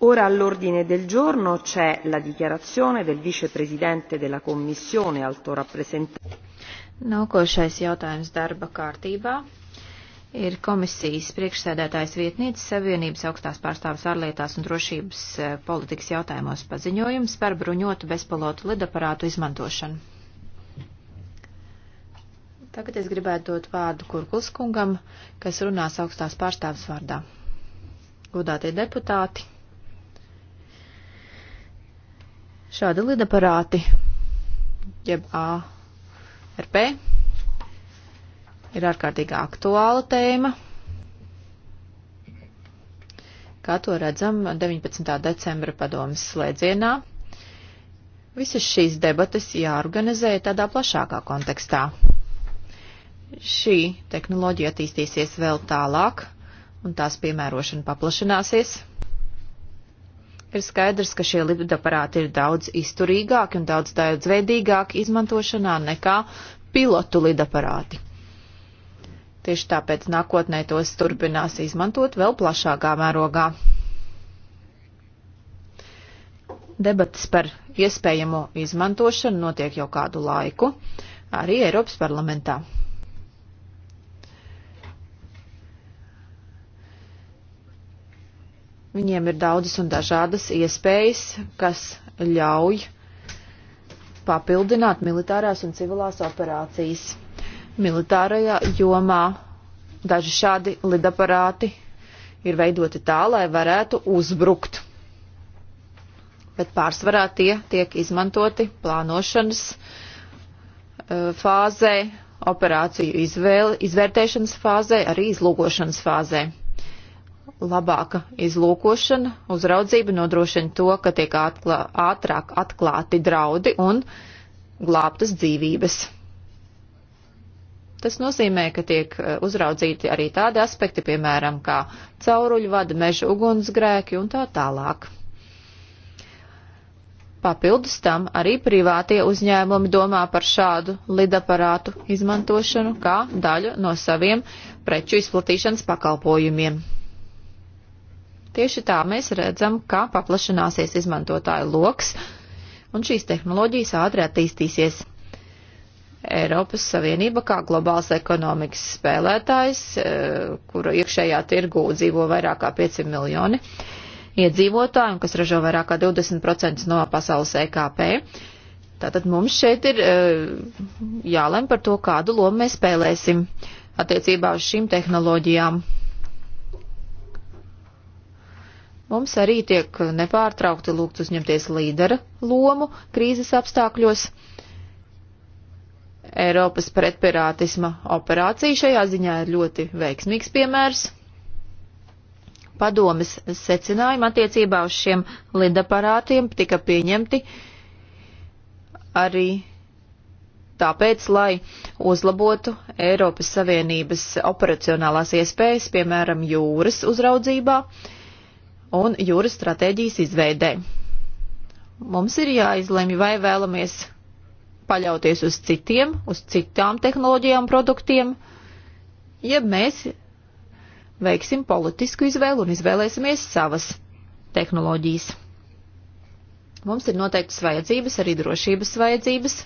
ora all'ordine del giorno c'è la dichiarazione del vicepresidente della commissione alto rappresentante Nākošais jautājums darba kārtībā ir komisijas priekšsēdētājs vietnītes Savienības augstās pārstāvis ārlietās un drošības e, politikas jautājumos paziņojums par bruņotu bezpilotu lidaparātu izmantošanu. Tagad es gribētu dot vārdu Kurkulskungam, kas runās augstās pārstāvis vārdā. Godātie deputāti! Šādi lidaparāti, jeb ARP, ir ārkārtīgi aktuāla tēma. Kā to redzam 19. decembra padomas slēdzienā, visas šīs debates jāorganizē tādā plašākā kontekstā. Šī tehnoloģija attīstīsies vēl tālāk, un tās piemērošana paplašināsies, Ir skaidrs, ka šie lidaparāti ir daudz izturīgāki un daudz daudzveidīgāki izmantošanā nekā pilotu lidaparāti. Tieši tāpēc nākotnē tos turpinās izmantot vēl plašākā mērogā. Debates par iespējamo izmantošanu notiek jau kādu laiku, arī Eiropas parlamentā. Viņiem ir daudzas un dažādas iespējas, kas ļauj papildināt militārās un civilās operācijas. Militārajā jomā daži šādi lidaparāti ir veidoti tā, lai varētu uzbrukt, bet pārsvarā tie tiek izmantoti plānošanas e, fāzē, operāciju izvēle, izvērtēšanas fāzē, arī izlūkošanas fāzē labāka izlūkošana, uzraudzība nodrošina to, ka tiek atklā, ātrāk atklāti draudi un glābtas dzīvības. Tas nozīmē, ka tiek eh, uzraudzīti arī tādi aspekti, piemēram, kā cauruļu vada, meža ugunsgrēki un tā tālāk. Papildus tam arī privātie uzņēmumi domā par šādu lidaparātu izmantošanu kā daļu no saviem preču izplatīšanas pakalpojumiem. Tieši tā mēs redzam, ka paplašināsies izmantotāju loks, un šīs tehnoloģijas ātri attīstīsies. Eiropas Savienība kā globāls ekonomikas spēlētājs, eh, kura iekšējā tirgū dzīvo vairāk kā 500 miljoni iedzīvotāji, un kas ražo vairāk kā 20% no pasaules EKP. Tātad mums šeit ir eh, jālem par to, kādu lomu mēs spēlēsim attiecībā uz šīm tehnoloģijām. Mums arī tiek nepārtraukti lūgts uzņemties līdera lomu krīzes apstākļos. Eiropas pretpirātisma operācija šajā ziņā ir ļoti veiksmīgs piemērs. Padomes secinājumi attiecībā uz šiem lidaparātiem tika pieņemti arī tāpēc, lai uzlabotu Eiropas Savienības operacionālās iespējas, piemēram, jūras uzraudzībā. Uh, un jūras stratēģijas izveidē. Mums ir jāizlemj, vai vēlamies paļauties uz citiem, uz citām tehnoloģijām, produktiem, ja mēs veiksim politisku izvēlu un izvēlēsimies savas tehnoloģijas. Mums ir noteiktas vajadzības, arī drošības vajadzības,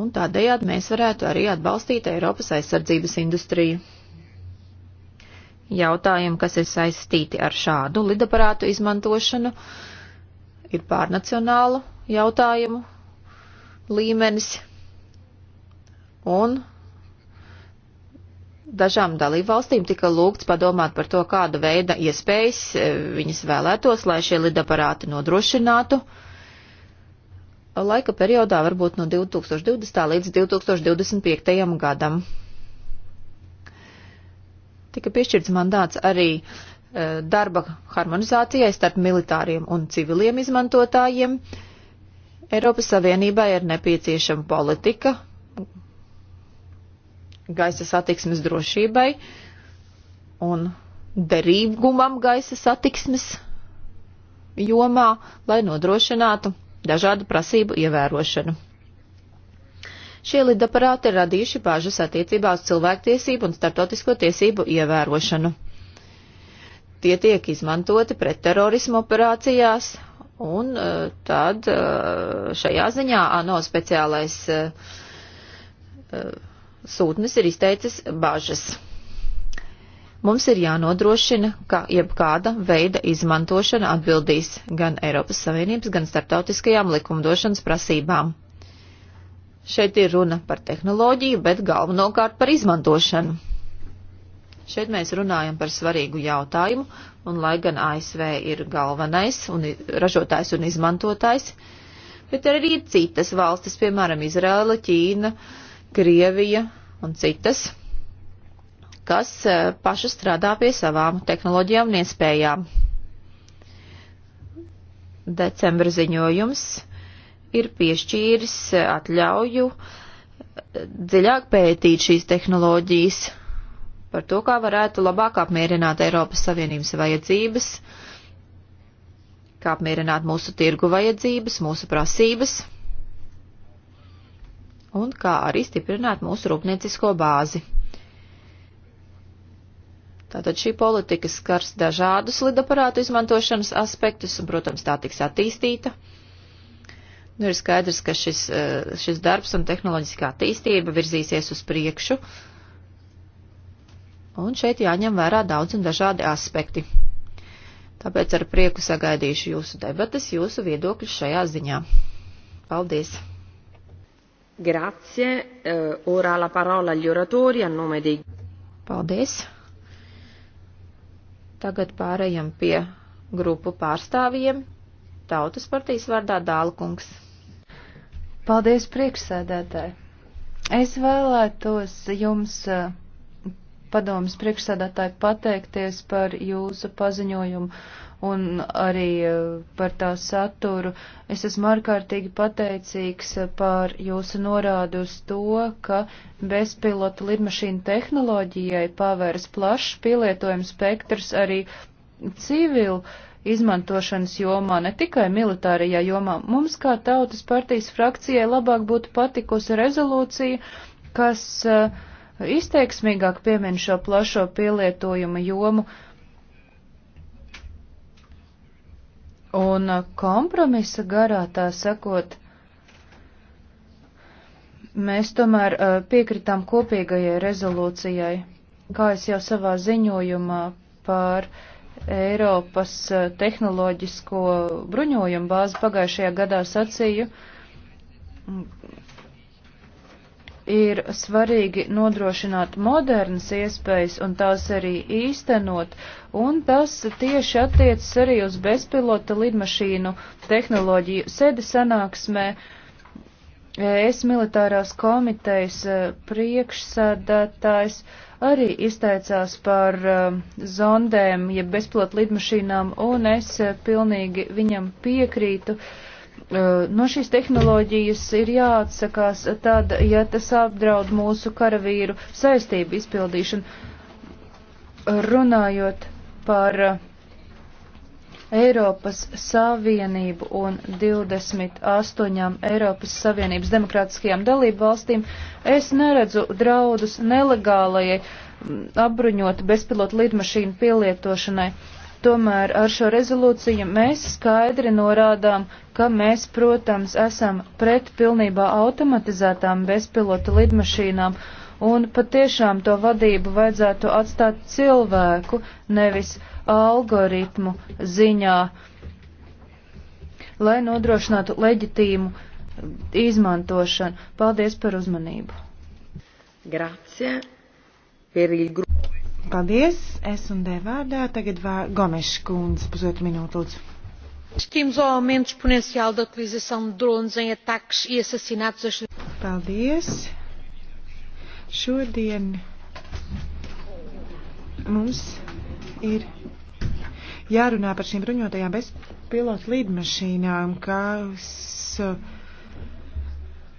un tādējādi mēs varētu arī atbalstīt Eiropas aizsardzības industriju jautājumi, kas ir saistīti ar šādu lidaparātu izmantošanu, ir pārnacionālu jautājumu līmenis un dažām dalībvalstīm tika lūgts padomāt par to, kāda veida iespējas e, viņas vēlētos, lai šie lidaparāti nodrošinātu laika periodā varbūt no 2020. līdz 2025. gadam tika piešķirts mandāts arī e, darba harmonizācijai starp militāriem un civiliem izmantotājiem. Eiropas Savienībai ir nepieciešama politika gaisa satiksmes drošībai un derīgumam gaisa satiksmes jomā, lai nodrošinātu dažādu prasību ievērošanu. Šie lidaparāti ir radījuši bāžas attiecībā uz cilvēktiesību un startotisko tiesību ievērošanu. Tie tiek izmantoti pret terorismu operācijās, un e, tad e, šajā ziņā ANO speciālais e, sūtnis ir izteicis bažas. Mums ir jānodrošina, ka jebkāda veida izmantošana atbildīs gan Eiropas Savienības, gan starptautiskajām likumdošanas prasībām. Šeit ir runa par tehnoloģiju, bet galvenokārt par izmantošanu. Šeit mēs runājam par svarīgu jautājumu, un lai gan ASV ir galvenais un ražotājs un izmantotājs, bet arī ir citas valstis, piemēram, Izraela, Ķīna, Krievija un citas, kas e, paši strādā pie savām tehnoloģijām un iespējām. Decembra ziņojums ir piešķīris atļauju eh, dziļāk pētīt šīs tehnoloģijas par to, kā varētu labāk apmierināt Eiropas Savienības vajadzības, kā apmierināt mūsu tirgu vajadzības, mūsu prasības un kā arī stiprināt mūsu rūpniecisko bāzi. Tātad šī politika skars dažādus lidaparātu izmantošanas aspektus, un, protams, tā tiks attīstīta. Nu, ir skaidrs, ka šis, eh, šis darbs un tehnoloģiskā attīstība virzīsies uz priekšu, un šeit jāņem vērā daudz un dažādi aspekti. Tāpēc ar prieku sagaidīšu jūsu debatas, jūsu viedokļus šajā ziņā. Paldies! Grazie. Uh, ora la parola agli oratori a nome dei. Paldies. Tagad pārējam pie grupu pārstāvjiem. Tautas partijas vārdā Dāla kungs. Paldies, priekšsēdētāji. Es vēlētos jums, padomas priekšsēdētāji, pateikties par jūsu paziņojumu un arī par tā saturu. Es esmu ārkārtīgi pateicīgs par jūsu norādu uz to, ka bezpilota lidmašīna tehnoloģijai pavērs plašs pielietojums spektrs arī civilu izmantošanas jomā, ne tikai militārajā jomā. Mums kā tautas partijas frakcijai labāk būtu patikusi rezolūcija, kas uh, izteiksmīgāk piemin šo plašo pielietojuma jomu. Un eh, kompromisa garā tā sakot, mēs tomēr eh, piekritām kopīgajai rezolūcijai, kā es jau savā ziņojumā pār uh, Eiropas eh, tehnoloģisko bruņojumu bāzi pagājušajā gadā sacīju, ir svarīgi nodrošināt modernas iespējas un tās arī īstenot, un tas tieši attiecas arī uz bezpilota lidmašīnu tehnoloģiju sēdi sanāksmē. Es militārās komitejas eh, priekšsēdētājs uh, arī izteicās par um, zondēm, ja bezpilot lidmašīnām, un es uh, pilnīgi viņam piekrītu. Uh, no šīs tehnoloģijas ir jāatsakās tad, ja tas apdraud mūsu karavīru saistību izpildīšanu. Runājot par uh, Eiropas Savienību un 28 Eiropas Savienības demokrātiskajām dalību valstīm, es neredzu draudus nelegālajai mm, apbruņotu bezpilotu lidmašīnu pielietošanai. Tomēr ar šo rezolūciju mēs skaidri norādām, ka mēs, protams, esam pret pilnībā automatizētām bezpilotu lidmašīnām un patiešām to vadību vajadzētu atstāt cilvēku, nevis algoritmu ziņā, lai nodrošinātu leģitīmu izmantošanu. Paldies par uzmanību. Grazie. Per il gruppo. Paldies, es un D vārdā, tagad vār Gomeša kundze, pusotru minūtu lūdzu. Assistimos ao aumento exponencial da utilização de drones em ataques e assassinatos. Paldies. Šodien mums ir jārunā par šīm bruņotajām bezpilotu lidmašīnām, kas,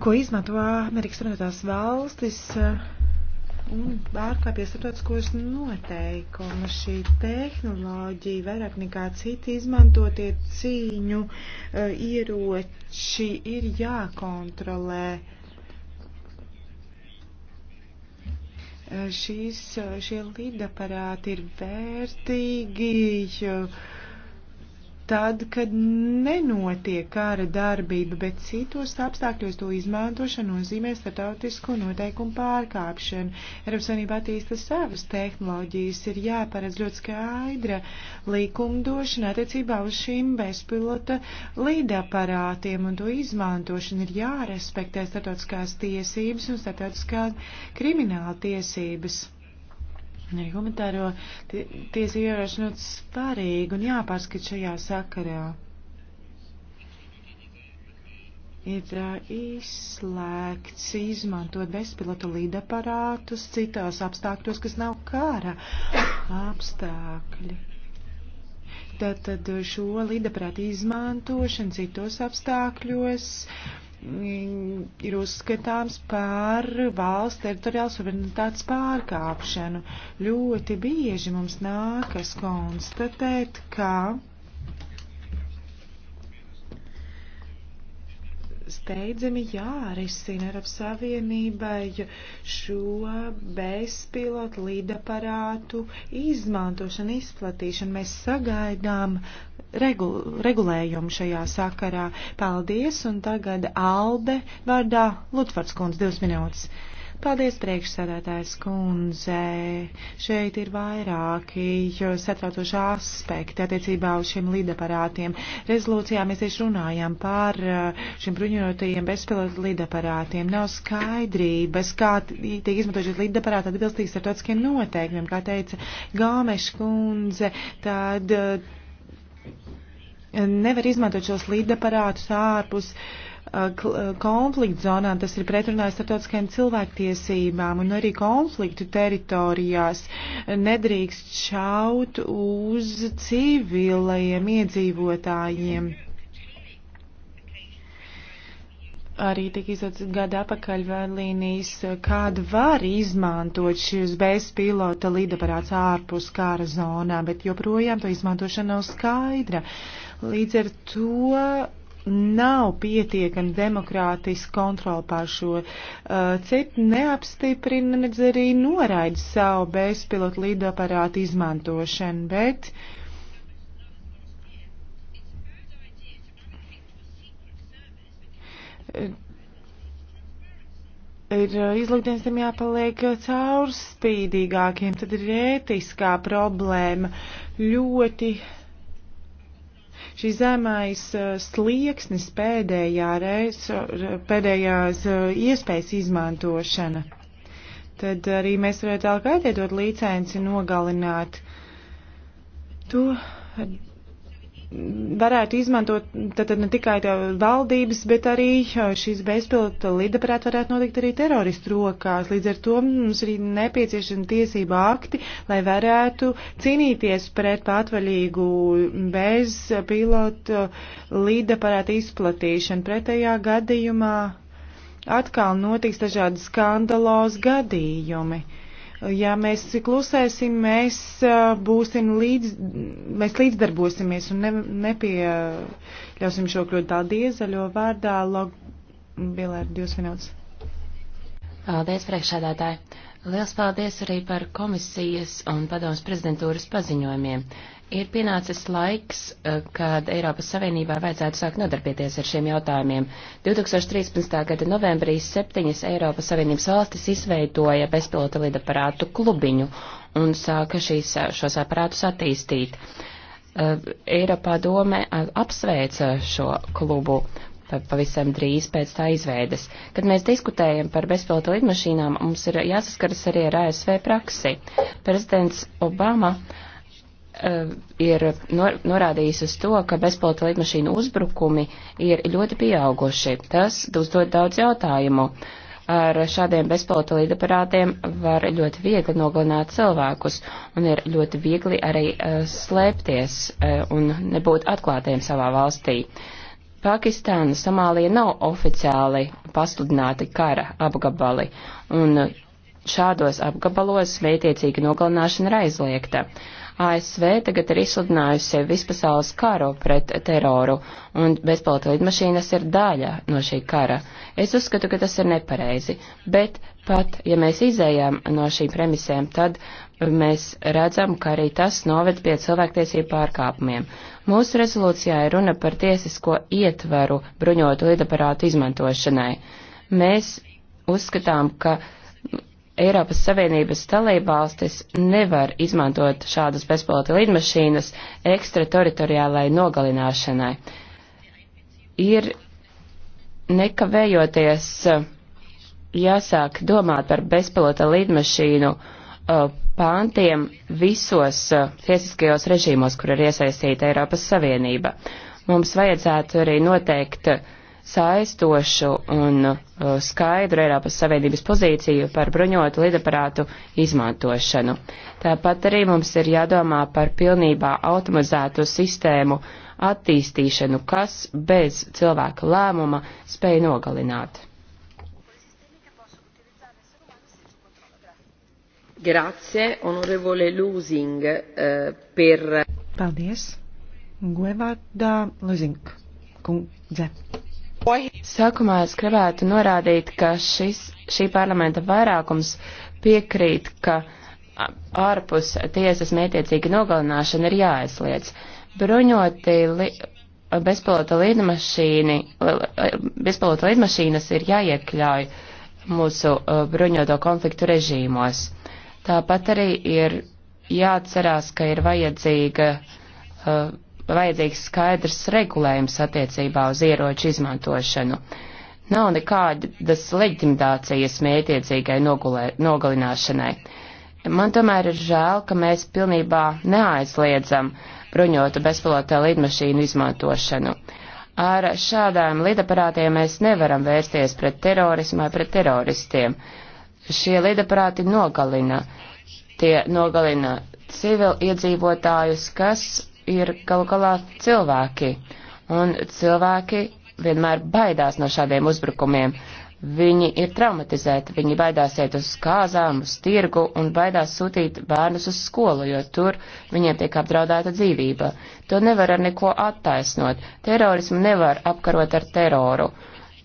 ko izmanto Amerikas Savienotās valstis un pārkāpja starptautiskos noteikumus. Šī tehnoloģija vairāk nekā citi izmantotie cīņu uh, ieroči ir jākontrolē. Uh, Šīs, šie lidaparāti ir vērtīgi tad, kad nenotiek kara darbība, bet citos apstākļos to izmantošana nozīmē startautisko noteikumu pārkāpšanu. Eiropas Savienība attīsta savas tehnoloģijas, ir jāparedz ļoti skaidra likumdošana attiecībā uz šīm bezpilota līdaparātiem, un to izmantošana ir jārespektē startautiskās tiesības un startautiskā krimināla tiesības. Arī humanitāro tiesu ievērošana ļoti svarīga un jāpārskat šajā sakarā. Ir izslēgts izmantot bezpilotu līdaparātus citos apstākļos, kas nav kara apstākļi. Tātad šo līdaparātu izmantošana citos apstākļos Mm, ir uzskatāms par valsts teritoriālu suverenitātes pārkāpšanu. Ļoti bieži mums nākas konstatēt, ka steidzami jārisina Eiropas Savienībai šo bezpilotu līdaparātu izmantošanu, izplatīšanu. Mēs sagaidām regul regulējumu šajā sakarā. Paldies, un tagad Alde vārdā Lutvards kundze divas minūtes. Paldies, priekšsēdētājs kundze. Šeit ir vairāki satraucoši aspekti attiecībā uz šiem lidaparātiem. Rezolūcijā mēs tieši runājām par uh, šiem bruņotajiem bezpilotu lidaparātiem. Nav skaidrības, kā tiek izmantojušies lidaparāti atbilstīgi starptautiskiem noteikumiem, kā teica Gāmeša kundze. Tad uh, nevar izmantot šos lidaparātus ārpus. Uh, Uh, uh, konfliktu zonām, tas ir pretrunā starptautiskajām cilvēktiesībām un arī konfliktu teritorijās nedrīkst šaut uz civilajiem iedzīvotājiem. Arī tik izsats gada apakaļ vadlīnijas, kādu var izmantot šis bezpilota lidaparāts ārpus kāra zonā, bet joprojām to izmantošana nav skaidra. Līdz ar to nav pietiekami demokrātiski kontroli pār šo uh, citu, neapstiprina nedz arī noraida savu bezpilotu lidaparātu izmantošanu, bet ir uh, izlūkdienestiem jāpaliek caurspīdīgākiem, tad ir ētiskā problēma ļoti Šis zemais uh, slieksnis pēdējā reiz, uh, pēdējās uh, iespējas izmantošana. Tad arī mēs varētu tālāk aiziedot licenci, nogalināt to varētu izmantot tad ne tikai valdības, bet arī šīs bezpilota lidaprāt varētu notikt arī teroristu rokās. Līdz ar to mums ir nepieciešami tiesība akti, lai varētu cīnīties pret patvaļīgu bezpilota lidaprāt izplatīšanu. Pretējā gadījumā atkal notiks dažādi skandalos gadījumi. Uh, Ja mēs klusēsim, mēs būsim līdz, mēs līdzdarbosimies un ne, nepieļausim šo kļūdu tā diezaļo vārdā, log, vēl ar divas minūtes. Paldies, priekšsēdētāji. Liels paldies arī par komisijas un padomas prezidentūras paziņojumiem. Ir pienācis laiks, eh, kad Eiropas Savienībā vajadzētu sākt nodarbieties ar šiem jautājumiem. 2013. gada novembrī septiņas Eiropas Savienības valstis izveidoja bezpilota lidaparātu klubiņu un sāka šīs, šos aparātus attīstīt. Eh, Eiropā dome eh, apsveica šo klubu pavisam drīz pēc tā izveides. Kad mēs diskutējam par bezpilota lidmašīnām, mums ir jāsaskaras arī ar ASV praksi. Prezidents Obama uh, ir nor norādījis uz to, ka bezpilota lidmašīnu uzbrukumi ir ļoti pieauguši. Tas uzdod daudz jautājumu. Ar šādiem bezpilota lidaparātiem var ļoti viegli nogalināt cilvēkus un ir ļoti viegli arī uh, slēpties uh, un nebūt atklātiem savā valstī. Uh, Pakistāna, Somālija nav oficiāli pasludināti kara apgabali, un šādos apgabalos mētiecīga nogalināšana ir aizliegta. Uh, ASV tagad ir izsludinājusi vispasaules karu pret teroru, un bezpilota lidmašīnas ir daļa no šī kara. Es uzskatu, ka tas ir nepareizi, bet pat, ja mēs izējām no šīm premisēm, tad mēs redzam, ka arī tas noved pie cilvēktiesību pārkāpumiem. Mūsu rezolūcijā ir runa par tiesisko ietvaru bruņotu lidaparātu izmantošanai. Mēs uzskatām, ka Eiropas Savienības dalībvalstis nevar izmantot šādas bezpilota lidmašīnas ekstrateritoriālai nogalināšanai. Ir nekavējoties jāsāk domāt par bezpilota lidmašīnu pāntiem visos tiesiskajos režīmos, kur ir iesaistīta Eiropas Savienība. Mums vajadzētu arī noteikt uh, saistošu un uh, skaidru Eiropas Savienības pozīciju par bruņotu lidaparātu izmantošanu. Tāpat arī mums ir jādomā par pilnībā automatizēto sistēmu attīstīšanu, kas bez cilvēka lēmuma spēja nogalināt. Grazie, onorevole Lūzing, uh, eh, per. Paldies. Guevārdā Lūzing. Kundze. Sākumā es gribētu norādīt, ka šis, šī parlamenta vairākums piekrīt, ka ārpus tiesas mētiecīga nogalināšana ir jāaizliedz. Bruņoti li, bezpilota lidmašīni, bezpilota lidmašīnas ir jāiekļauj mūsu uh, bruņoto konfliktu režīmos. Tāpat arī ir jāatcerās, ka ir vajadzīga uh, vajadzīgs skaidrs regulējums attiecībā uz ieroču izmantošanu. Nav nekādas leģitimitācijas mētiecīgai nogulē, nogalināšanai. Man tomēr ir žēl, ka mēs pilnībā neaizliedzam bruņotu bezpilota lidmašīnu izmantošanu. Ar šādām lidaparātiem mēs nevaram vērsties pret terorismu vai pret teroristiem. Šie lidaparāti nogalina. Tie nogalina civiliedzīvotājus, kas ir galu galā cilvēki, un cilvēki vienmēr baidās no šādiem uzbrukumiem. Viņi ir traumatizēti, viņi baidās iet uz kāzām, uz tirgu un baidās sūtīt bērnus uz skolu, jo tur viņiem tiek apdraudēta dzīvība. To nevar ar neko attaisnot. Terorismu nevar apkarot ar teroru.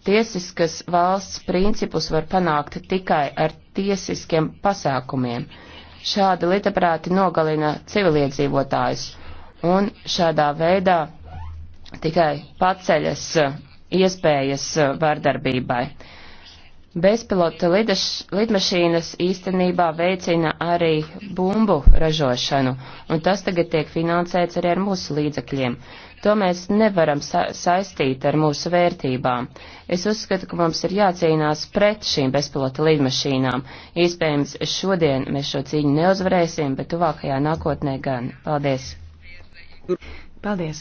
Tiesiskas valsts principus var panākt tikai ar tiesiskiem pasākumiem. Šādi litaprāti nogalina civiliedzīvotājus un šādā veidā tikai paceļas eh, iespējas eh, vardarbībai. Bezpilota lidaš, lidmašīnas īstenībā veicina arī bumbu ražošanu, un tas tagad tiek finansēts arī ar mūsu līdzekļiem. To mēs nevaram sa saistīt ar mūsu vērtībām. Es uzskatu, ka mums ir jācīnās pret šīm bezpilota lidmašīnām. Iespējams, šodien mēs šo cīņu neuzvarēsim, bet tuvākajā nākotnē gan. Paldies! Paldies.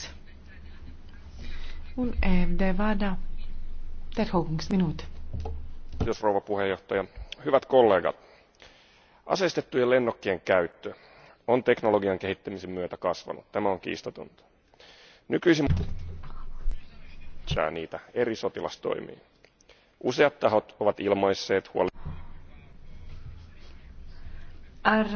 Un EFD vārdā Terhoukungs minuutti. Kiitos rouva puheenjohtaja. Hyvät kollegat, aseistettujen lennokkien käyttö on teknologian kehittämisen myötä kasvanut. Tämä on kiistatonta. Nykyisin niitä eri sotilastoimiin. Useat tahot ovat ilmaisseet huolen. Ar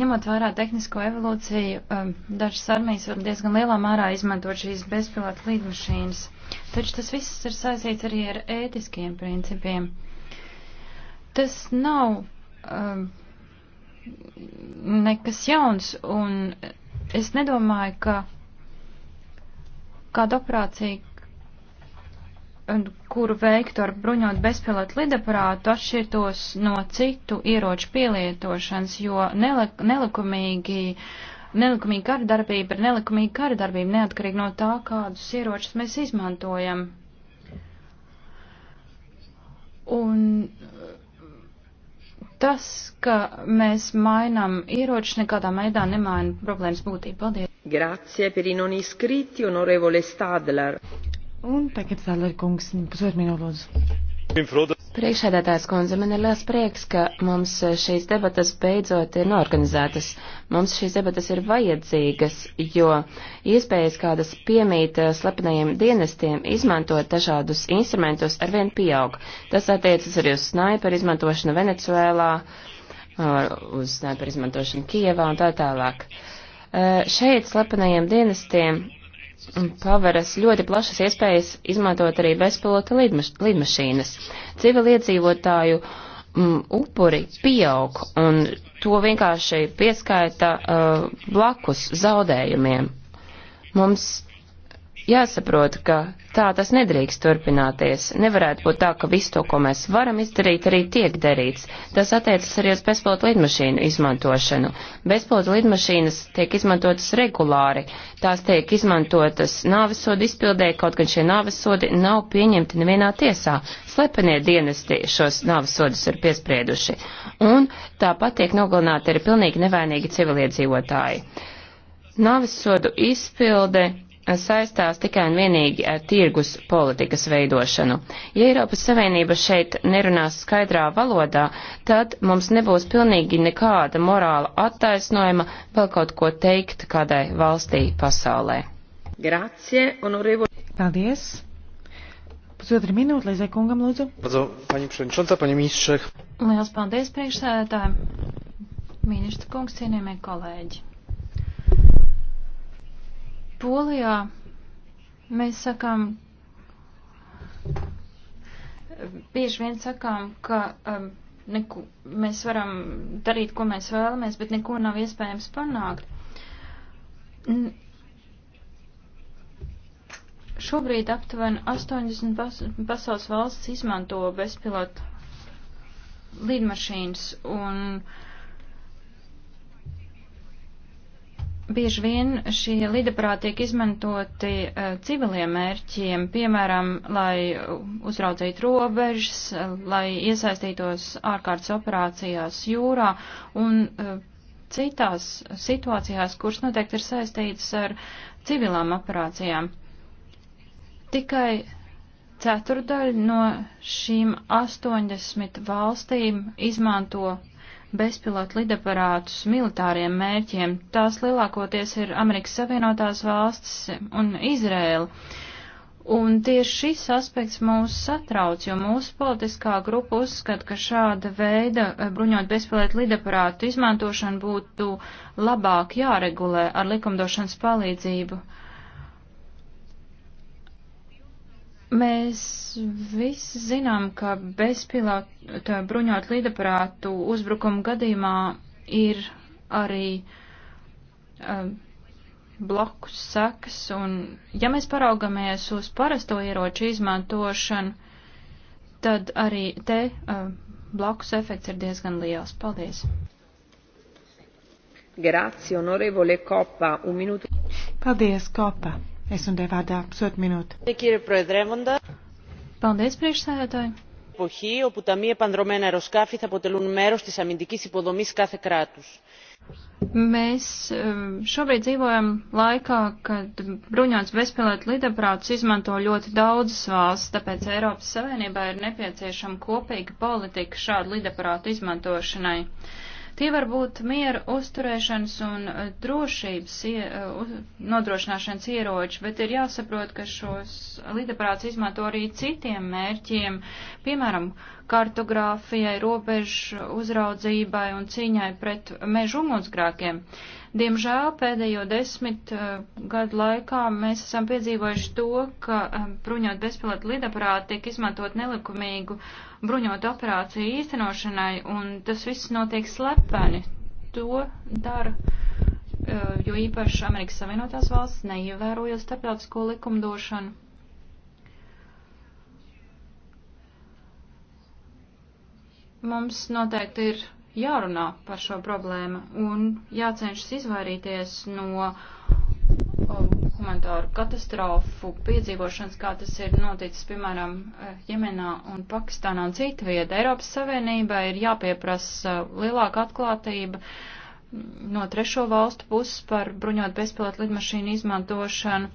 ņemot vērā tehnisko evolūciju, um, dažas armijas var diezgan lielā mērā izmantot šīs bezpilota līdmašīnas. Taču tas viss ir saistīts arī ar ētiskiem principiem. Tas nav um, nekas jauns, un es nedomāju, ka kāda operācija, kuru veiktu ar bruņot bezpilotu lidaparātu, atšķirtos no citu ieroču pielietošanas, jo nelek, nelikumīgi, nelikumīga kara darbība ir nelikumīga kara darbība, neatkarīgi no tā, kādus ieročus mēs izmantojam. Un tas, ka mēs mainām ieročus, nekādā veidā nemaina problēmas būtību. Paldies! Grazie per i non iscritti, onorevole Stadler. Un tagad Zāler kungs, pusotru minūtu lūdzu. Priekšēdētājs kundze, man ir liels prieks, ka mums šīs debatas beidzot ir norganizētas. Mums šīs debatas ir vajadzīgas, jo iespējas, kādas piemīt slepenajiem dienestiem, izmantot dažādus instrumentus, arvien pieaug. Tas attiecas arī uz snaiperu izmantošanu Venecuēlā, uz snaiperu izmantošanu Kievā un tā tālāk. Šeit slepenajiem dienestiem paveras ļoti plašas iespējas izmantot arī bezpilota lidmaš lidmašīnas. Civiliedzīvotāju m, mm, upuri pieaug, un to vienkārši pieskaita uh, blakus zaudējumiem. Mums jāsaprot, ka tā tas nedrīkst turpināties. Nevarētu būt tā, ka viss to, ko mēs varam izdarīt, arī tiek darīts. Tas attiecas arī uz bezpilota lidmašīnu izmantošanu. Bezpilota lidmašīnas tiek izmantotas regulāri, tās tiek izmantotas nāvesodu izpildē, kaut gan šie nāvesodi nav pieņemti nevienā tiesā. Slepenie dienesti šos nāvesodus ir piesprieduši. Un tāpat tiek nogalināti arī pilnīgi nevainīgi civiliedzīvotāji. Nāvesodu izpilde saistās tikai un vienīgi ar tirgus politikas veidošanu. Ja Eiropas Savienība šeit nerunās skaidrā valodā, tad mums nebūs pilnīgi nekāda morāla attaisnojuma vēl kaut ko teikt kādai valstī pasaulē. Grazie, onorevo. Paldies. Pusotru minūti, lai Zekungam lūdzu. Liels paldies priekšsēdētājiem. Ministra kungs, cienījamie kolēģi. Polijā mēs sakām, bieži vien sakām, ka um, neku, mēs varam darīt, ko mēs vēlamies, bet neko nav iespējams panākt. N Šobrīd aptuveni 80 pas pasaules valsts izmanto bezpilotu lidmašīnas un uh, Bieži vien šie lidaprāti tiek izmantoti uh, civiliem mērķiem, piemēram, lai uzraudzītu robežas, lai iesaistītos ārkārtas operācijās jūrā un uh, citās situācijās, kuras noteikti ir saistītas ar civilām operācijām. Tikai ceturdaļa no šīm 80 valstīm izmanto bezpilotu lidaparātus militāriem mērķiem. Tās lielākoties ir Amerikas Savienotās valstis un Izrēla. Un tieši šis aspekts mūs satrauc, jo mūsu politiskā grupa uzskata, ka šāda veida eh, bruņot bezpilētu lidaparātu izmantošana būtu labāk jāregulē ar likumdošanas palīdzību. Uh, Mēs visi zinām, ka bezpilota bruņot lidaparātu uzbrukuma gadījumā ir arī um, eh, blakus sekas, un ja mēs paraugamies uz parasto ieroču izmantošanu, tad arī te um, eh, blakus efekts ir diezgan liels. Paldies! Grazie, onorevole Kopa, un minūte. Paldies, Kopa! Es un devādā pusotru minūtu. Paldies, priekšsēdētāji! εποχή όπου τα μη επανδρωμένα αεροσκάφη θα αποτελούν μέρος της αμυντικής υποδομής κάθε κράτους. Mēs šobrīd dzīvojam laikā, kad bruņots bezpilētu lidaprātus izmanto ļoti daudzas valsts, tāpēc Eiropas Savienībā ir nepieciešama kopīga politika šādu lidaprātu izmantošanai. Tie var būt miera uzturēšanas un e, drošības e, nodrošināšanas ieroči, bet ir jāsaprot, ka šos lidaparāts izmanto arī citiem mērķiem, piemēram, kartogrāfijai, robežu uzraudzībai un cīņai pret mežu ugunsgrākiem. Diemžēl pēdējo desmit uh, gadu laikā mēs esam piedzīvojuši to, ka um, bruņot bezpilotu lidaparātu tiek izmantot nelikumīgu bruņot operāciju īstenošanai, un tas viss notiek slepeni. To dara, uh, jo īpaši Amerikas Savienotās valsts neievēroja starptautisko likumdošanu. Mums noteikti ir jārunā par šo problēmu un jācenšas izvairīties no um, humanitāru katastrofu piedzīvošanas, kā tas ir noticis, piemēram, eh, Jemenā un Pakistānā un citvieta. Eiropas Savienībai ir jāpieprasa lielāka atklātība no trešo valstu puses par bruņot bezpilotu lidmašīnu izmantošanu.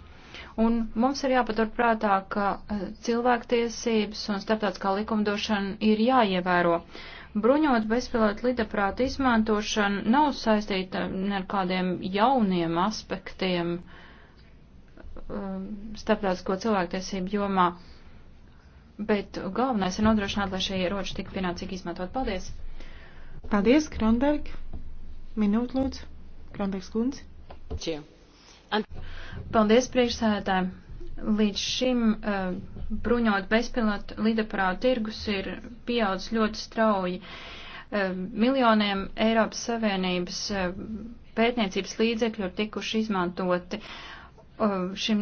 Un mums ir jāpatur prātā, ka eh, cilvēktiesības un starptautiskā likumdošana ir jāievēro. Uh, Bruņot bezpilotu lidaprātu izmantošana nav saistīta ar kādiem jauniem aspektiem um, starptautisko cilvēktiesību jomā, bet galvenais ir nodrošināt, lai šie ieroči tik pienācīgi izmantot. Paldies! Paldies, Kronberg! Minūte, lūdzu, Kronbergs kundze. Paldies, priekšsēdētājiem! Līdz šim uh, bruņot bezpilotu lidaparātu tirgus ir pieaudzis ļoti strauji. Uh, miljoniem Eiropas Savienības uh, pētniecības līdzekļu ir tikuši izmantoti. Uh, Uh, šim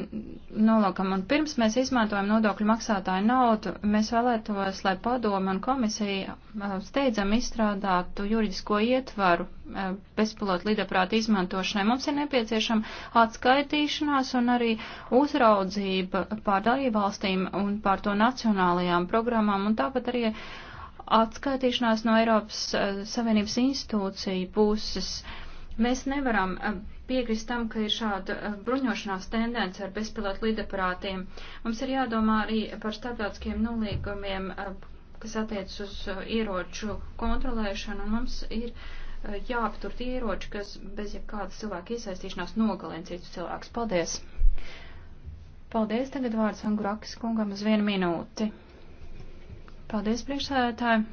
nolūkam. Un pirms mēs izmantojam nodokļu maksātāju naudu, mēs vēlētos, lai padoma un komisija uh, steidzam izstrādātu juridisko ietvaru uh, bezpilotu lidaprātu izmantošanai. Mums ir nepieciešama atskaitīšanās un arī uzraudzība pār dalībvalstīm un pār to nacionālajām programmām un tāpat arī atskaitīšanās no Eiropas Savienības institūciju puses. Uh, Mēs nevaram eh, piekrist tam, ka ir šāda eh, bruņošanās tendence ar bezpilotu lidaparātiem. Mums ir jādomā arī par starptautiskiem nolīgumiem, eh, kas attiec uz ieroču kontrolēšanu, un mums ir jāaptur tie ieroči, kas bez jebkādas cilvēka iesaistīšanās nogalina citus cilvēkus. Paldies! Paldies, tagad vārds Angurakis kungam uz vienu minūti. Paldies, priekšsēdētāji!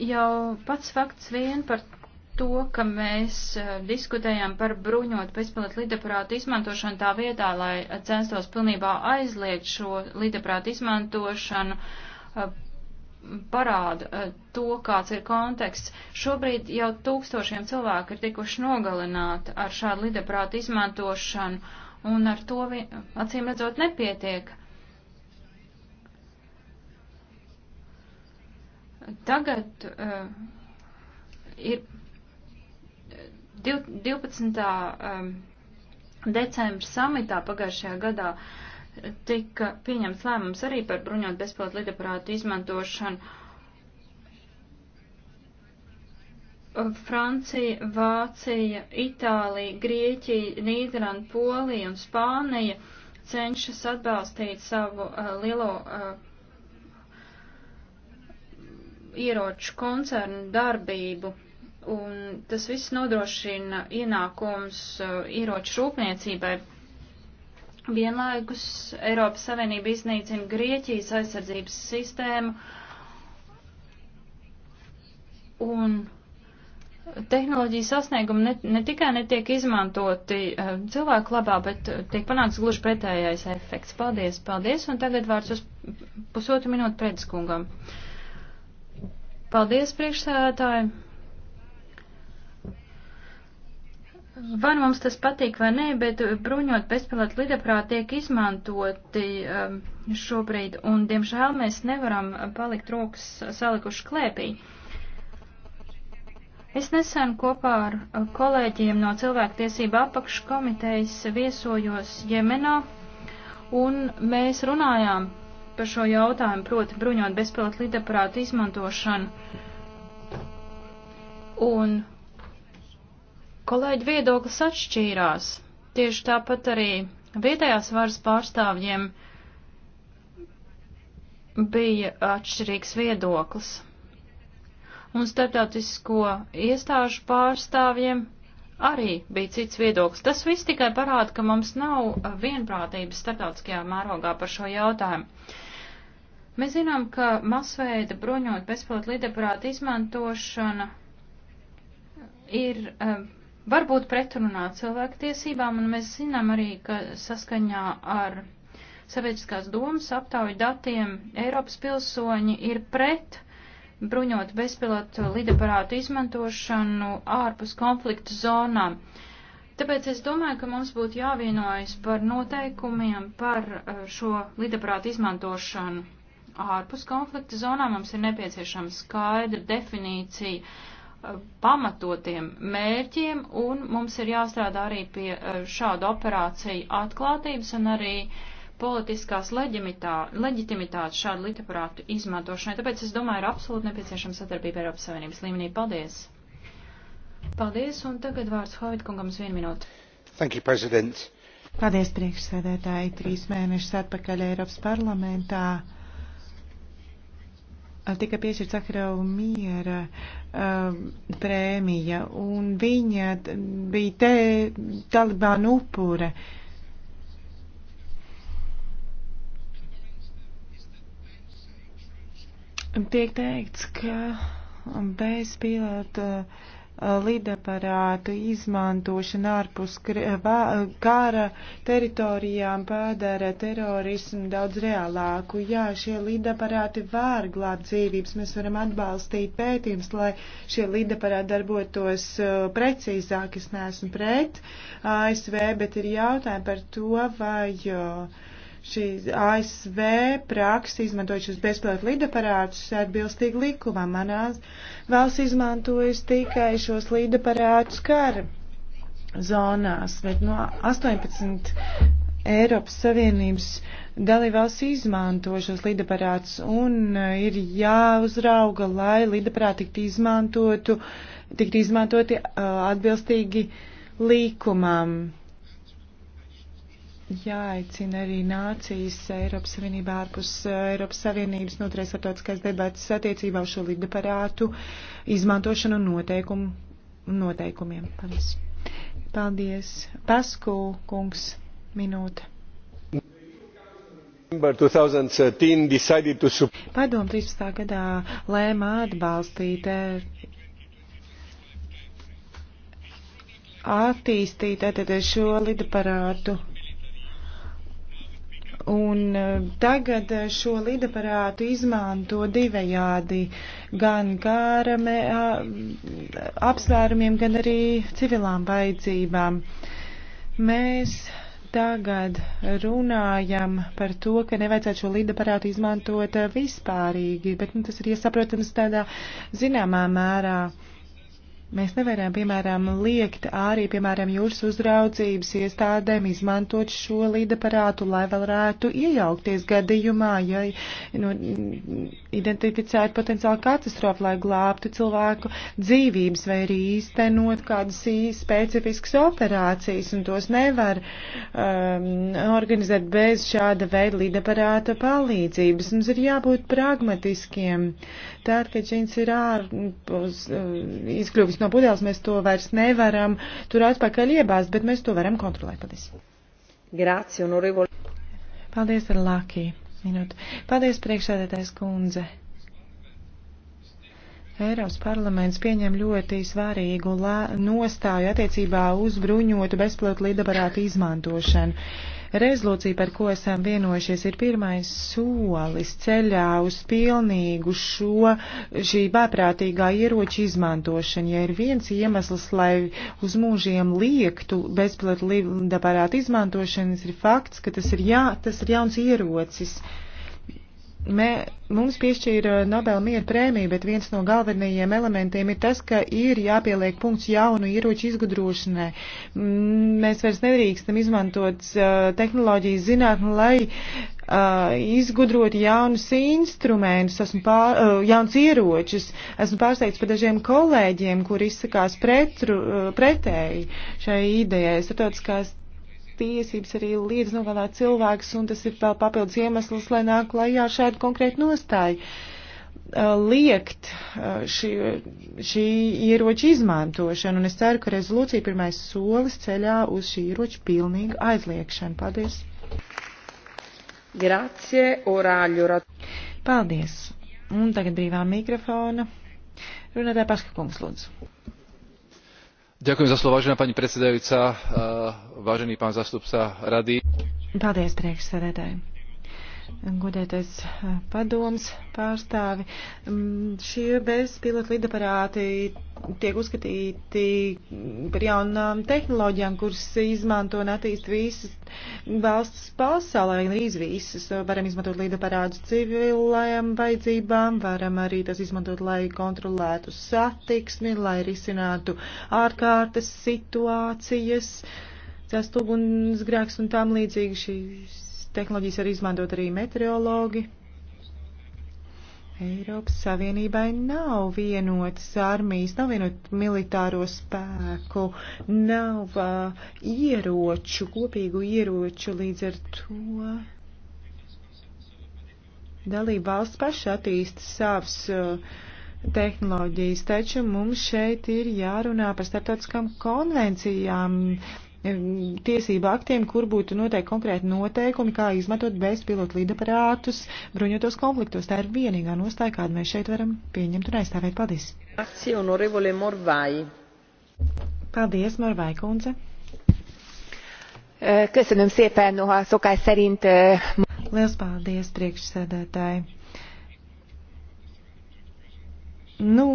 Jau pats fakts vien par to, ka mēs eh, diskutējām par bruņot bezpilotu lidaparātu izmantošanu tā vietā, lai censtos pilnībā aizliegt šo lidaparātu izmantošanu, eh, parāda eh, to, kāds ir konteksts. Šobrīd jau tūkstošiem cilvēku ir tikuši nogalināti ar šādu lidaparātu izmantošanu, un ar to acīm redzot nepietiek. Tagad uh, ir 12. Um, decembra samitā pagājušajā gadā tika pieņemts lēmums arī par bruņot bezpilotu lidaparātu izmantošanu. Francija, Vācija, Itālija, Grieķija, Nīderlanda, Polija un Spānija cenšas atbalstīt savu uh, lielo uh, ieroču koncernu darbību un tas viss nodrošina ienākums uh, ieroču rūpniecībai. Vienlaikus Eiropas Savienība iznīcina Grieķijas aizsardzības sistēmu un tehnoloģiju sasniegumi ne, ne tikai netiek izmantoti uh, cilvēku labā, bet uh, tiek panāks gluži pretējais efekts. Paldies, paldies, un tagad vārds uz pusotru minūtu predskungam. Paldies, priekšsēdētāji! Vai nu mums tas patīk vai nē, bet bruņot bezpilota lidaprāti tiek izmantoti um, šobrīd, un diemžēl mēs nevaram palikt rokas salikuši klēpī. Es nesen kopā ar uh, kolēģiem no cilvēktiesība apakškomitejas viesojos Jemenā, un mēs runājām par šo jautājumu, proti bruņot bezpilota lidaprātu izmantošanu. Un Kolēģi viedoklis atšķīrās. Tieši tāpat arī vietējās varas pārstāvjiem bija atšķirīgs viedoklis. Un starptautisko iestāžu pārstāvjiem arī bija cits viedoklis. Tas viss tikai parāda, ka mums nav vienprātības starptautiskajā mērogā par šo jautājumu. Mēs zinām, ka masveida bruņot bezpilota lidaparāta izmantošana ir um, var būt pretrunā cilvēktiesībām, un mēs zinām arī, ka saskaņā ar sabiedriskās domas aptauju datiem Eiropas pilsoņi ir pret bruņot bezpilotu lidaparātu izmantošanu ārpus konfliktu zonām. Tāpēc es domāju, ka mums būtu jāvienojas par noteikumiem par uh, šo lidaparātu izmantošanu ārpus konflikta zonām. Mums ir nepieciešama skaidra definīcija pamatotiem mērķiem, un mums ir jāstrādā arī pie eh, šādu operāciju atklātības un arī politiskās leģitimitātes šādu literatūru izmantošanai. Tāpēc es domāju, ir absolūti nepieciešama sadarbība Eiropas Savienības līmenī. Paldies! Paldies, un tagad vārds Hovidkungam uz vienu minūtu. Thank you, President. Paldies, priekšsēdētāji. Trīs mēnešus atpakaļ Eiropas parlamentā tika piešķirta Sakarau miera uh, prēmija, un viņa bija te Talibānu upure. Tiek teikts, ka bez pilota uh, lidaparātu izmantošana ārpus kara teritorijām padara terorismu daudz reālāku. Jā, šie lidaparāti var glābt dzīvības. Mēs varam atbalstīt pētījums, lai šie lidaparāti darbotos uh, precīzāk. Es neesmu pret ASV, bet ir jautājumi par to, vai. Uh, šī ASV praksa izmantoja šos bezpilotu lidaparātus atbilstīgi likumam. Manā valsts izmantojas tikai šos lidaparātus kara zonās, bet no 18 Eiropas Savienības dalībvalsts izmanto šos lidaparātus un uh, ir jāuzrauga, lai lidaparāti tiktu izmantotu, tiktu izmantoti uh, atbilstīgi likumam. Jāaicina arī nācijas Eiropas Savienībā ārpus eh, Eiropas Savienības noturēs starptautiskās debatas attiecībā uz šo liberātu izmantošanu noteikumu, noteikumiem. Paldies. Paldies. Pasku kungs, minūte. To... Padomu 13. gadā lēma atbalstīt eh, attīstīt tātad eh, šo lidaparātu Un eh, tagad eh, šo lidaparātu izmanto divējādi gan kāra apsvērumiem, gan arī civilām vajadzībām. Mēs tagad runājam par to, ka nevajadzētu šo lidaparātu izmantot eh, vispārīgi, bet nu, tas ir iesaprotams tādā zināmā mērā. Uh, Mēs nevaram, piemēram, liekt arī, piemēram, jūras uzraudzības iestādēm izmantot šo lidaparātu, lai varētu iejaukties gadījumā, ja nu, identificētu potenciālu katastrofu, lai glābtu cilvēku dzīvības vai arī īstenot kādas specifiskas operācijas, un tos nevar um, organizēt bez šāda veida lidaparāta palīdzības. Mums ir jābūt pragmatiskiem. Tātad, kad šis ir ārpus, uh, izkļuvis no pudeles, mēs to vairs nevaram tur atpakaļ iebāzt, bet mēs to varam kontrolēt. Paldies. Grācija un Urivo. Paldies ar Lākī. Minūte. Paldies priekšsēdētājs kundze. Eiropas parlaments pieņem ļoti svarīgu nostāju attiecībā uz bruņotu bezpilotu lidaparātu izmantošanu. Rezolūcija, par ko esam vienojušies, ir pirmais solis ceļā uz pilnīgu šo šī bāprātīgā ieroča izmantošanu. Ja ir viens iemesls, lai uz mūžiem liektu bezpilotu lidaparātu izmantošanas, ir fakts, ka tas ir, jā, tas ir jauns ierocis. Uh, Mē, mums piešķīra Nobela miera prēmiju, bet viens no galvenajiem elementiem ir tas, ka ir jāpieliek punkts jaunu ieroču izgudrošanai. Mm, mēs vairs nedrīkstam izmantot uh, tehnoloģijas zinātni, lai uh, izgudrot jaunus instrumentus, esmu pār, uh, jauns ieročus. Esmu pārsteigts par dažiem kolēģiem, kur izsakās pretru, uh, pretēji šai idejai. Startautiskās tiesības arī līdz nogalināt cilvēkus, un tas ir vēl papildus iemesls, lai nāk klajā šādu konkrētu nostāju. Liekt šī, šī ieroča izmantošanu, un es ceru, ka rezolūcija pirmais solis ceļā uz šī ieroča pilnīgu aizliekšanu. Paldies! Grazie, orāļu. Paldies! Un tagad brīvā mikrofona. Runātāja Paska kungs, lūdzu. Paldies, priekšsēdētāji! Godētais eh, padoms pārstāvi. Mm, šie bezpilota lidaparāti tiek uzskatīti par jaunām tehnoloģijām, kuras izmanto un attīst visas valsts pasaulē, gan arī visas. Varam izmantot lidaparādus civilajām vajadzībām, varam arī tas izmantot, lai kontrolētu satiksmi, lai risinātu ārkārtas situācijas, cestugunsgrēks un tam līdzīgi šīs tehnoloģijas var izmantot arī meteorologi. Eiropas Savienotībai nav vienotas armijas, nav vienotu militāro spēku, nav uh, ieroču, kopīgu ieroču līdz ar to. Dalība valsts paša attīsta savas uh, tehnoloģijas, taču mums šeit ir jārunā par starptautiskām konvencijām, tiesību aktiem, kur būtu noteikti konkrēti noteikumi, kā izmantot bezpilotu lidaparātus bruņotos konfliktos. Tā ir vienīgā nostāja, kādu mēs šeit varam pieņemt un aizstāvēt. Paldies! Paldies, Morvai kundze! Eh, köszönöm szépen, noha szokás szerint. Eh, Liels paldies, priekšsēdētāji! Nu,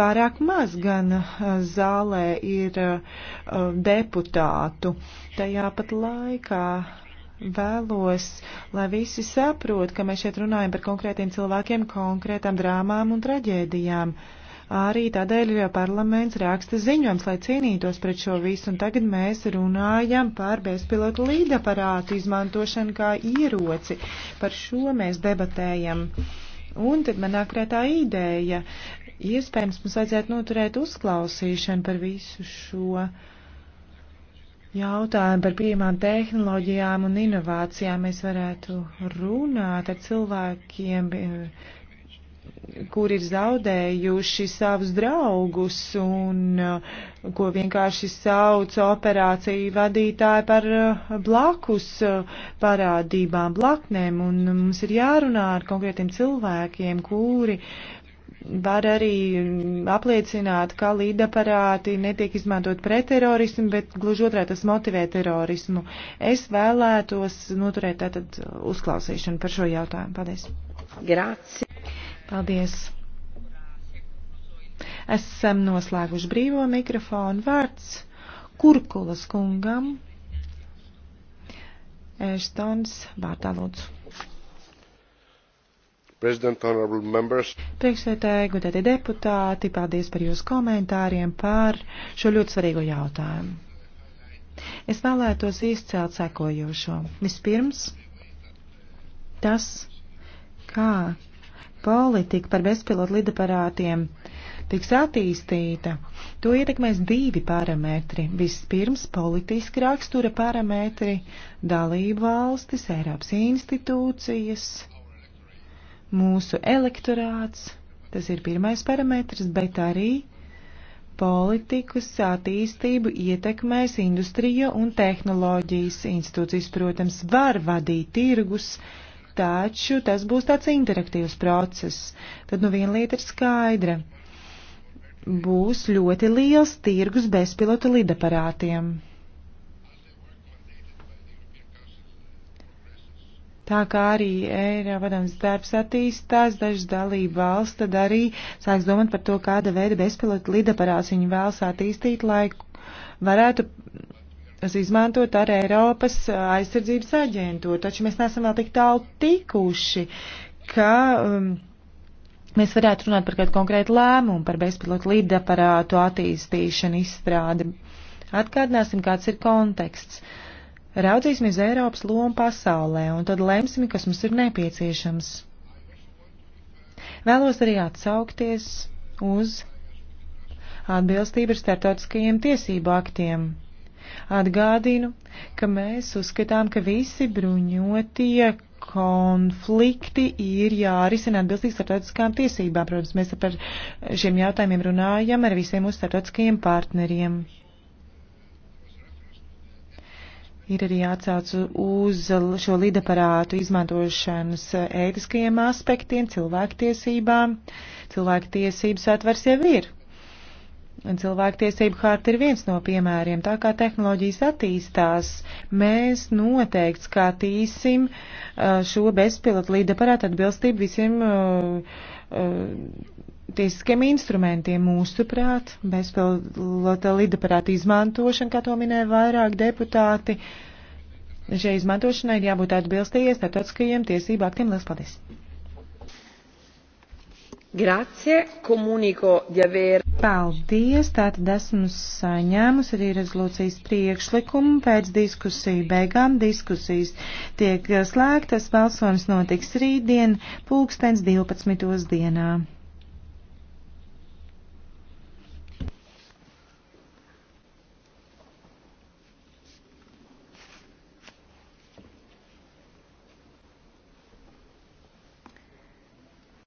pārāk maz gan eh, zālē ir uh, deputātu. Tajā pat laikā vēlos, lai visi saprot, ka mēs šeit runājam par konkrētiem cilvēkiem, konkrētām drāmām un traģēdijām. Arī tādēļ jau parlaments raksta ziņojums, lai cīnītos pret šo visu, un tagad mēs runājam par bezpilotu līdaparātu izmantošanu kā ieroci. Par šo mēs debatējam. Un tad man nāk prātā ideja Iespējams, mums vajadzētu noturēt uzklausīšanu par visu šo jautājumu par pieejamām tehnoloģijām un inovācijām. Mēs varētu runāt ar cilvēkiem, eh, kur ir zaudējuši savus draugus un eh, ko vienkārši sauc operāciju vadītāji par eh, blakus parādībām, blaknēm. Un mums ir jārunā ar konkrētiem cilvēkiem, kuri var arī apliecināt, ka līdaparāti netiek izmantot pret terorismu, bet gluži otrā tas motivē terorismu. Es vēlētos noturēt tātad uzklausīšanu par šo jautājumu. Paldies. Grāci. Paldies. Esam noslēguši brīvo mikrofonu vārds Kurkulas kungam. Eštons vārtā lūdzu. Priekšsētāji, gudētie deputāti, paldies par jūsu komentāriem par šo ļoti svarīgo jautājumu. Es vēlētos izcelt sekojošo. Vispirms, tas, kā politika par bezpilotu lidaparātiem tiks attīstīta, to ietekmēs divi parametri. Vispirms politiski rakstura parametri - dalību valstis, Eiropas institūcijas mūsu elektorāts, tas ir pirmais parametrs, bet arī politikas attīstību ietekmēs industrija un tehnoloģijas institūcijas, protams, var vadīt tirgus, taču tas būs tāds interaktīvs process. Tad nu viena lieta ir skaidra. Būs ļoti liels tirgus bezpilota lidaparātiem. Tā kā arī Eiropadams darbs attīstās, dažas dalība valsts tad arī sāks domāt par to, kāda veida bezpilota lidaparāts viņi vēlas attīstīt, lai varētu izmantot ar Eiropas aizsardzības aģentūru. Taču mēs neesam vēl tik tālu tikuši, ka. Um, Mēs varētu runāt par kādu konkrētu lēmumu, par bezpilotu lidaparātu attīstīšanu, izstrādi. Atgādināsim, kāds ir konteksts. Uh, Raudzīsimies Eiropas lomu pasaulē un tad lemsim, kas mums ir nepieciešams. Vēlos arī atsaukties uz atbilstību ar starptautiskajiem tiesību aktiem. Atgādinu, ka mēs uzskatām, ka visi bruņotie konflikti ir jārisina atbilstīgi starptautiskām tiesībām. Protams, mēs par šiem jautājumiem runājam ar visiem mūsu starptautiskajiem partneriem. Ir arī atsauc uz šo lidaparātu izmantošanas eh, ētiskajiem aspektiem, cilvēktiesībām. Cilvēktiesības atvers jau ir. Un cilvēktiesību hārta ir viens no piemēriem. Tā kā tehnoloģijas attīstās, mēs noteikti skatīsim eh, šo bezpilotu lidaparātu atbilstību visiem uh, uh, tiesiskiem instrumentiem mūsuprāt, bezpilota lidaparāta izmantošana, kā to minēja vairāk deputāti. Šai izmantošanai ir jābūt atbilstīgai starptautiskajiem tiesību aktiem. Lielas paldies! Grazie, komuniko di aver. Paldies, tātad esmu saņēmusi arī rezolūcijas priekšlikumu pēc diskusiju beigām. Diskusijas tiek slēgtas, balsojums notiks rītdien, pulkstens 12. dienā.